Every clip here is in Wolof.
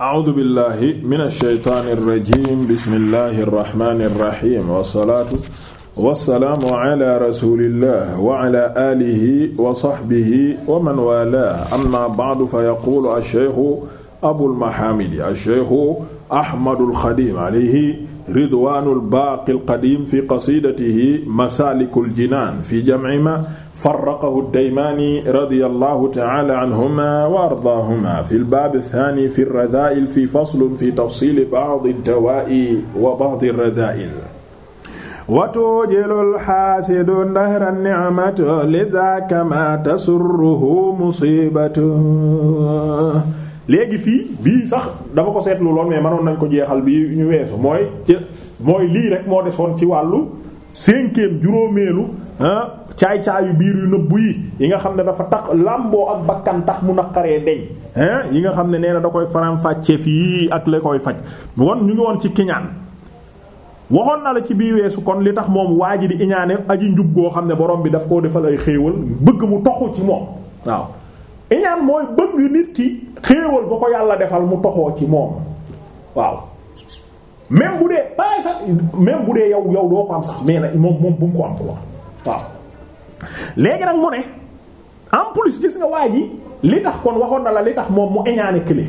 a'uudu billahi mina shaytaani rajiim bismillahi rahmaani rahiim wasalaatu wasalaamu ala rasulillah wa ala aalihi wa sahbihi wa man waalaahu amma ba'du fa yaquulu ash-shaykhu abul mahaamidi ash-shaykhu Ahmadul Xadiim alayhi ridwaanul baaqil qadiim fi qasiidatihi masaalikul jinaan fi jam'i maa farraqahu daymaani radiyallahu ta'aala anhumaa wa ardaahumaa fil baab ath-thaani fi radaa'il fi faslin fi tafsiili ba'di ad-dawaa'i wa ba'di ar-radaa'il watuujilul xaasidu dahra ni'mati lidhaa kamaa tasurruhu musiibatuhu léegi fii bii sax dafa ko seetlu lool mais manoon nañ ko jeexal bii ñu weesu mooy ci mooy lii rek moo desoon ci wàllu cinquième juróomeelu caay yu biir yu nëbbu yi yi nga xam ne dafa tax làmboo ak bakkan tax mu naqaree deñ yi nga xam ne nee na da koy faram-fàccee fii ak la koy faj kon ñu ngi woon ci kiñaan waxoon na la ci bii weesu kon li tax moom waa ji di iñaane aji njub goo xam ne borom bi daf koo defal ay xéewal bëgg mu toxu ci moom waaw xéewal ba ko yàlla defal mu toxoo ci moom waaw même bu dee pas sax même bu dee yow yow doo ko am sax mais nag moom moom bu mu ko am quoi waaw léegi nag mu ne en plus gis nga waa ji li tax kon waxoon na la li tax moom mu éñaane kële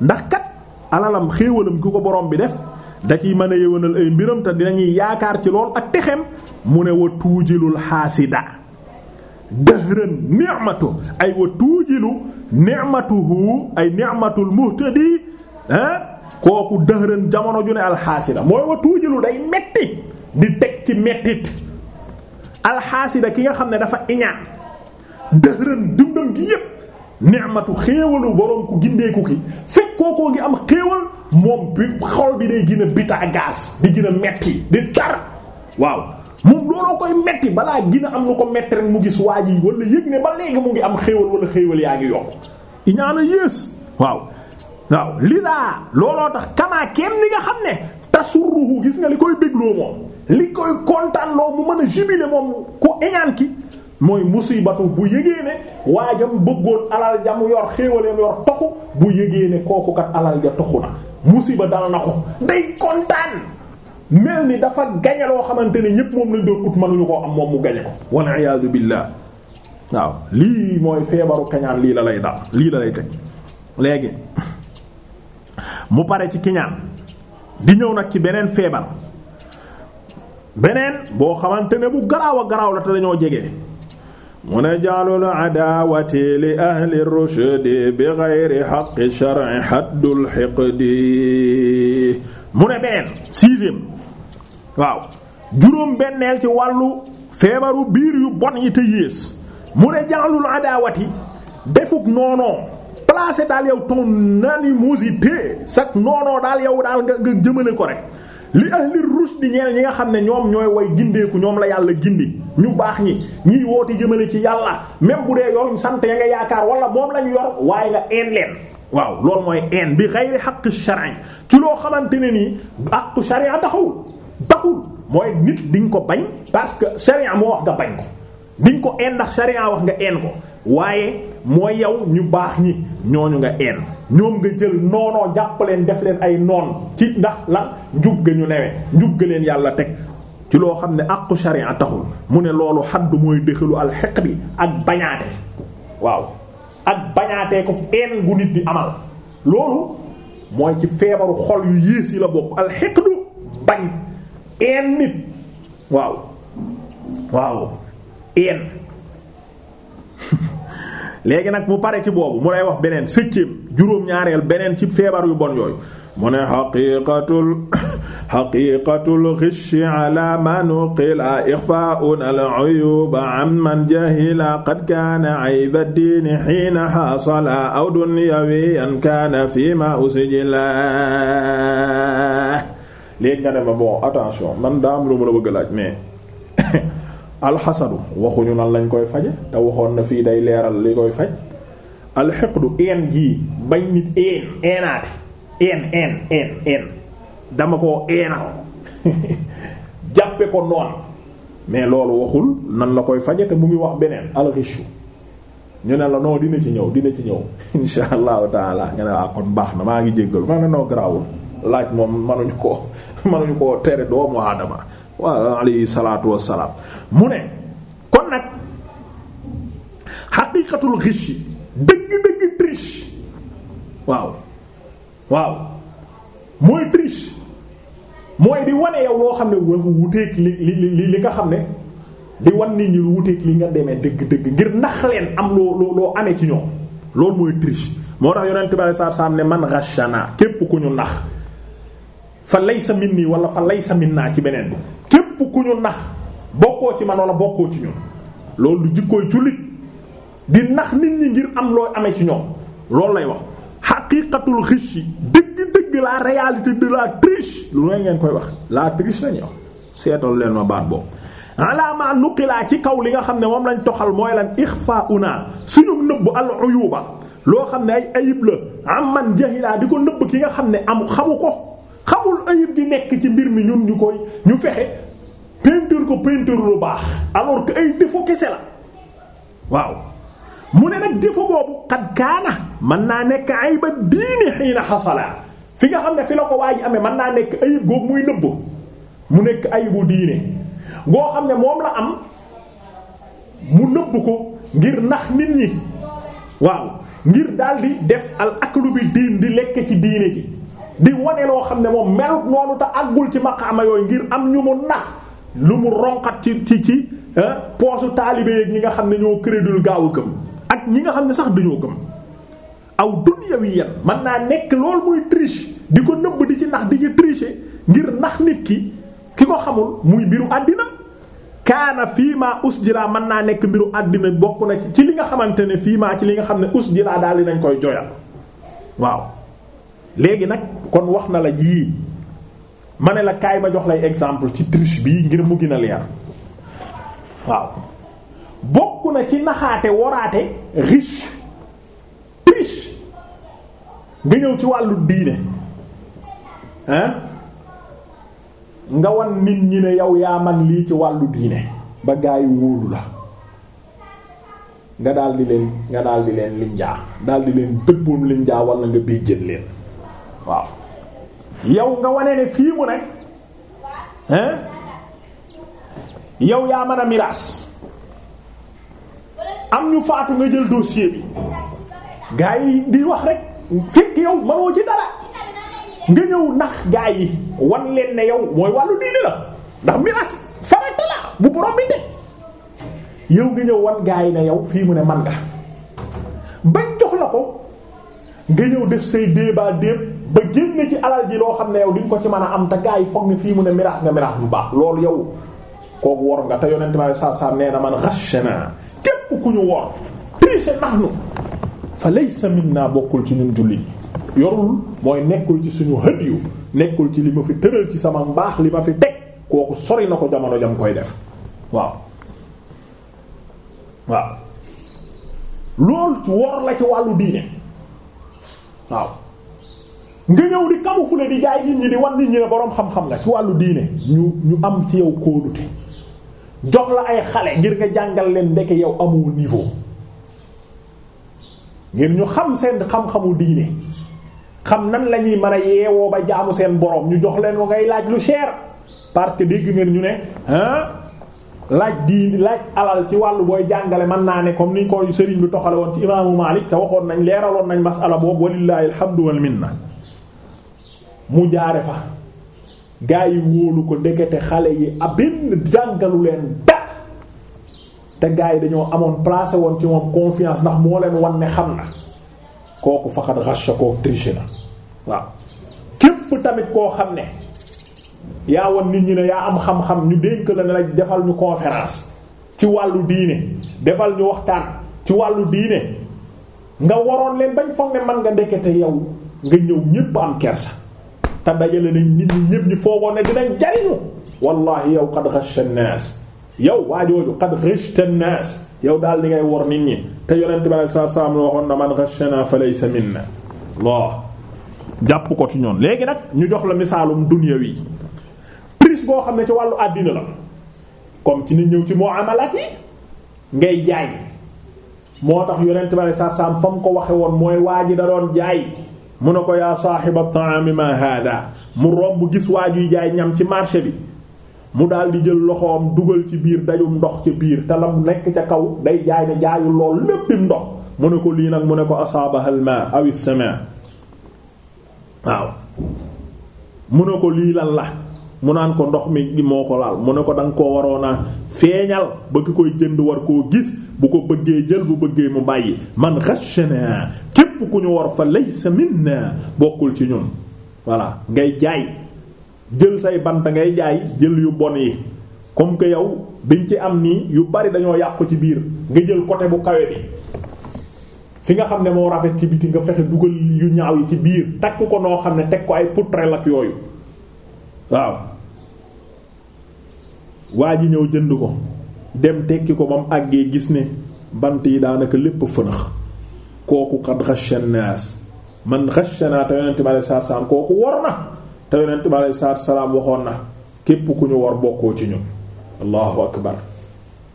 ndax kat alalam xéewalam ku ko borom bi def da mën a yëwanal ay mbiramta te dinañuy yaakaar ci lool ak texem mu ne wa tuujilul xaasida dëhërën ni'matu ay wa tuujilu ni'matuhu ay ni'matul muhtadi kooku dëhëran jamono ju ne alxaasida mooy wa tuujilu day metti di teg ci mettit alxaasida ki nga xam ne dafa iñaan dëhëran dundam gi yépp ni'matu xéewalu boroom ku gindeeku ki fekk kookoo ngi am xéewal moom bi xol bi day gën a di gën a metti di tar waaw moom looloo koy metti balaa gina am lu ko metti mu gis waa ji wala yëg ne ba léegi mu ngi am xéewal wala xéewal yaa ngi yokk iñaana yées waaw waaw li daa looloo tax kamaa keem ni nga xam ne tasurruhu gis nga li koy bégloo moom li koy kontaan loo mu mën a jubiler moom ko iñaan ki mooy musibatu bu yëgee ne waajam bëggoon alal jam yor xéewaleem yor toxu bu yëgee kookukat kooku kat alal ja toxu na musiba dal na ko day kontaan mel ni dafa gañe loo xamante ne ñépp moom lañ doon ut mënuñu koo am moom mu gañe ko walla iyaadu billaah waaw lii mooy feebaru kañaan lii la lay daal lii la lay teg léegi mu pare ci kiñaan di ñëw nag ci beneen feebar beneen boo xamante ne bu garaaw a garaaw la te dañoo jege mu ne jaalul adaawati li ahli rushdi bi gayri haqqi shar'i haddul hiqdi mu ne beneen sixième waaw juróom benneel ci wàllu feebaru biir yu bon yi te yées mu ne jaalul adaawati defuk noonoo placé daal yow ton animosité sax noonoo daal yow daal nga nga jëmale ko rek li ahli rushdi ñeel ñi nga xam ne ñoom ñooy way gindeeku ñoom la yàlla gindi ñu baax ñi ñiy woote jëmale ci yàlla même bu dee yoruñ sant ya nga yaakaar wala moom lañ yor waaye nga een leen waaw loolu mooy een bi xayri xaq charin ci loo xamante ne nii aqu charia taxawul taxul mooy nit diñ ko bañ parce que sharia moo wax nga bañ ko diñ ko een ndax sharia wax nga een ko waaye mooy yow ñu baax ñi ñooñu nga een ñoom nga jël noonoo jàpp leen def leen ay noon ci ndax la njub ga ñu newee njub ga leen yàlla teg ci loo xam ne àqu sharia taxul mu ne loolu xadd mooy dëxalu alxeq bi ak bañaate waaw ak bañaatee ko een gu nit di amal loolu mooy ci feebaru xol yu yées yi la bokk alxeq du bañ een nit waaw waaw een léegi nag mu pare ci boobu mu lay wax beneen septième juróom-ñaareel beneen ci feebar yu bon yooyu mu ne xaqiqatul xaqiqatul xichi ala ma nuqila ixfaun al uyuba an man jahila qad kaana ayba diini xiina xaasala aw dunyawiyan kaana fima usjila léegi nga ne ma bon attention man daa am lu ma la bëgg laaj mais alxasadu waxuñu nan lañ koy faje te waxoon na fii day leeral li koy faj alxeqdu een jii bañ nit een eenaate een een een een dama koo eenal jàppe ko noonu mais loolu waxul nan la koy faje te mu ngi wax beneen alxichu ñu ne la noo dina ci ñëw dina ci ñëw insha allahu taala nga ne waa ah, kon baax na maa ngi jéggal ma ne noo garaawul laaj moom manuñu ko mënuñu koo tere doomu aadama wa alayhi salaatu wassalaam mu ne kon nag xaqiiqatul xish dëgg dëgg triche waaw waaw mooy triche mooy di wane yow loo xam ne war wuteeg li li li nga xam ne di wan nit ñi lu wuteeg li nga demee dëgg dëgg ngir nax leen am loo loo loo amee ci ñoom loolu mooy triche moo tax yonent bi sallallahu alayhi wasallam ne man ghashana képp ku ñu nax fa laysa minni wala fa laysa naa ci beneen bi képp ku ñu nax bokkoo ci man wala bokkoo ci ñun loolu du jikkooy jullit di nax nit ñi ngir am loo amee ci ñoom loolu lay wax xaqiiqatul xichi dëgg-dëgg la réalité de la triche lu ngeen koy wax la triche lañuy wax seetal leen ma baat boobu alaama nuqilaa ci kaw li nga xam ne moom lañ toxal mooy lan ixfa una suñu nëbb al uyuba loo xam ne ay ayib la amman jahilaa di ko nëbb ki nga xam ne am xamu ko xamul ayib gi nekk ci mbir mi ñun ñu koy ñu fexe peinture ko peinture lu baax alors que ay défaut kese la waaw mu ne nag défaut boobu xad kaana mën naa nekk ayba diine xiina xasalaa fi nga xam ne fi la ko waa ji amee mën naa nekk ayib googu muy nëbb mu nekk ayibu diine goo xam ne moom la am mu nëbb ko ngir ndax nit ñi waaw ngir daldi def al aklu bi diin di lekk ci diine ji di wane loo xam ne moom melut noonu te àggul ci maqaama yooyu ngir am ñu mu nax lu mu ronqat ci ci ci eh, poosu taalibe yeeg ñi nga xam ne ñoo crédul gaaw a gëm ak ñi nga xam ne sax dañoo gëm aw dunyawiyyan mën naa nekk loolu muy triche di ko nëbb di ci nax di ci tricher ngir nax nit ki ki ko xamul muy mbiru àddina kaana fii maa usjira mën naa nekk mbiru àddina bokk na ci li nga xamante ne fii maa ci li nga xam ne usjira daal di nañ koy joyal waaw léegi nag kon wax na la yii ma ne la kaay ma jox lay exemple ci triche bi ngir mu gën a leer waaw bokk na ci naxaate woraate riche triche nga ñëw ci wàllu diine hein nga wan nit ñi ne yow yaa man lii ci wàllu diine ba gaay wóolu la nga daal di leen nga daal di leen linjaa daal di leen dëbboon linjaa wala nga béjjën leen waaw yow nga wane ne fii mu ne hein yow yaa mën a miraas am ñu faatu nga jël dossier bi gaa yi di wax rek fekk yow mënoo ci dara nga ñëw nax gaa yi wan leen ne yow mooy wàllu diine la ndax miraas farata bu borom bi teg yow nga ñëw wan gaa yi ne yow fii mu ne man nga bañ jox la ko nga ñëw def say débat déeb ba génne ci alal ji loo xam ne yow di ko ci mën a am te gars yi foog ne fii mu ne miraas nga miraas bu baax loolu yow kooku wor nga te yonent ma saa saa nee na man ghashana képp ku ñu wor triché nax nu fa laysa minna bokkul ci ñun jullit yorul mooy nekkul ci suñu hët yu nekkul ci li ma fi tëral ci sama mbaax li ma fi teg kooku sori na ko jamono jam koy def waaw waaw loolu wor la ci wàllu diine waaw nga ñëw di camoufler di jaay nit ñi di wan nit ñi ne boroom xam-xam nga ci wàllu diine ñu ñu am ci yow kóolute jox la ay xale ngir nga jàngal leen ndeke yow amoo niveau ngir ñu xam seen xam-xamu diine xam nan la ñuy mën a yeewoo ba jaamu seen borom ñu jox leen ko ngay laaj lu cher parce que dégg ñu ne ah laaj diine laaj alal ci wàllu booy jàngale mën naa ne comme ni ñu ko Serigne bi toxale woon ci imaamu Malik te waxoon nañ leeraloon nañ masala boobu walillahi alhamdu wal mu jaare fa gaa yi wóolu ko ndekete xale yi abin jàngalu leen da te gaa yi dañoo amoon placé woon ci moom confiance ndax moo leen wan ne xam na kooku faxat racha koo triché na waaw képp tamit koo xam ne yaa wan nit ñi ne yaa am xam-xam ñu dénk la ne defal ñu conférence ci wàllu diine defal ñu waxtaan ci wàllu diine nga waroon leen bañ foog man nga ndekete yow nga ñëw ñépp am kersa te dajale nañ nit ñi ñëpp ñu foogoon ne dinañ jariñu wallahi yow qad ghashta an-nas yow waa jooju qad ghashta an yow daal di ngay wor nit ñi te yonent bi sallallahu alayhi wasallam waxoon na man ghashana falaysa ko ci ñoon léegi nag ñu jox la misaalum dunyawi prise boo xam ne ci wàllu àddina la comme ci ni ñëw ci muamalat yi ngay jaay moo tax yonent bi sallallahu alayhi wasallam fa mu ko waxe woon mooy waa ji da doon jaay mu ne ko yaa saaxiba taami ma hada mu romb gis waajuy jaay ñam ci marché bi mu daal di jël loxoom dugal ci biir dajum ndox ca biir te lam nekk ca kaw day jaay ne jaayu lool lépp di ndox mu ne ko lii nag mu ne ko asaabahaal ma aw sama waaw mu ne ko lii lan la mu naan ko ndox mi moo ko laal mu ne ko da ko koo waroon a feeñal bëgg koy jënd war koo gis bu ko bëggee jël bu bëggee mu bàyyi man ghashana képp ku ñu war fa laysa minna bokkul ci ñun voilà ngay jaay jël say bant ngay jaay jël yu bon yi comme que yow biñ ci am nii yu bari dañoo yàqu ci biir nga jël côté bu kawe bi fi nga xam ne moo rafet ci biti nga fexe dugal yu ñaaw yi ci biir takk ko noo xam ne teg ko ay poutrelle ak yooyu waaw waa ji ñëw jënd ko dem tekki ko ba mu àggee gis ne bant yi daanaka lépp fënax kooku xad xashanaas man xashanaa te yonent bi aleyhi salaatu salaam kooku wor na te yonent bi aleyhi salaatu salaam waxoon na képp ku ñu war bokkoo ci ñun allahu akbar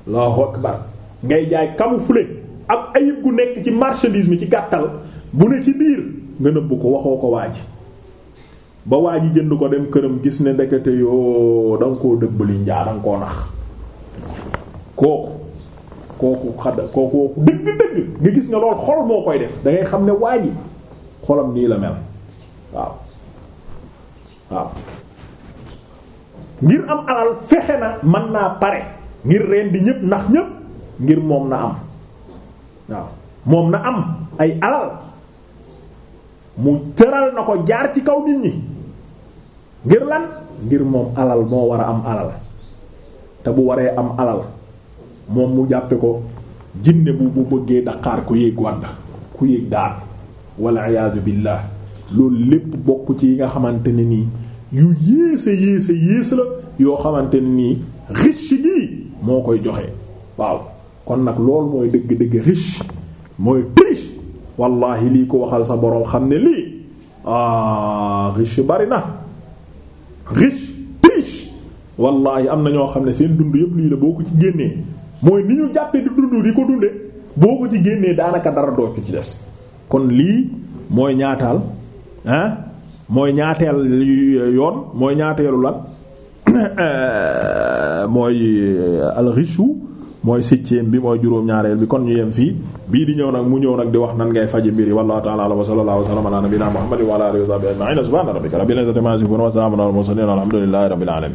allahu akbar ngay jaay camouflé ak ayib gu nekk ci marchandise mi ci gàttal bu ne ci biir nga nëbb ko waxoo ko waa ji ba waa ji jënd ko dem këram gis ne ndekete yoo danga koo dëbbali njaa danga koo nax kooku kooku xadda kooku dëgg-dëgg nga gis nga lool xol moo koy def dangay xam ne waa ji xolam nii la mel waaw waaw ngir am alal fexe na mën naa pare ngir reen di ñëpp ndax ñëpp ngir moom na am waaw moom na am ay alal mu tëral na ko jaar ci kaw nit ñi ngir lan ngir moom alal moo war a am alal te bu waree am alal moom mu jàppe ko jinne bu mu bëggee daqaar ku yéeg wàdd ku yéeg daan walla iyaatu billaah loolu lépp bokk ci yi nga xamante ne nii yu yéesa yéesa yées la yoo xamante ne nii riche gi moo koy joxe waaw kon nag loolu mooy dëgg dëgg riche mooy triche wallahi lii ko waxal sa boroom xam ne lii ah riche bari na riche triche wallahi am na ñoo xam ne seen dund yëpp lii la boo ko ci génnee mooy ni ñu jàppee di dund di ko dunde boo ko ci génnee daanaka dara dootu ci des kon lii mooy ñaataal ah mooy ñaateel yoon mooy ñaateelu la mooy euh, alrichu mooy septième bi mooy juróom-ñaareel bi kon ñu yem fii bii di ñëw nag mu ñëw nag di wax nan ngay faje mbiri wallahu ta'ala wa sallallahu wa sallama ala nabina muhammadin wa ala alihi wa sahbihi ajma'in subhana rabbika rabbil izzati amma yasifun wa salamun alal mursalin alhamdulillahi rabbil alamin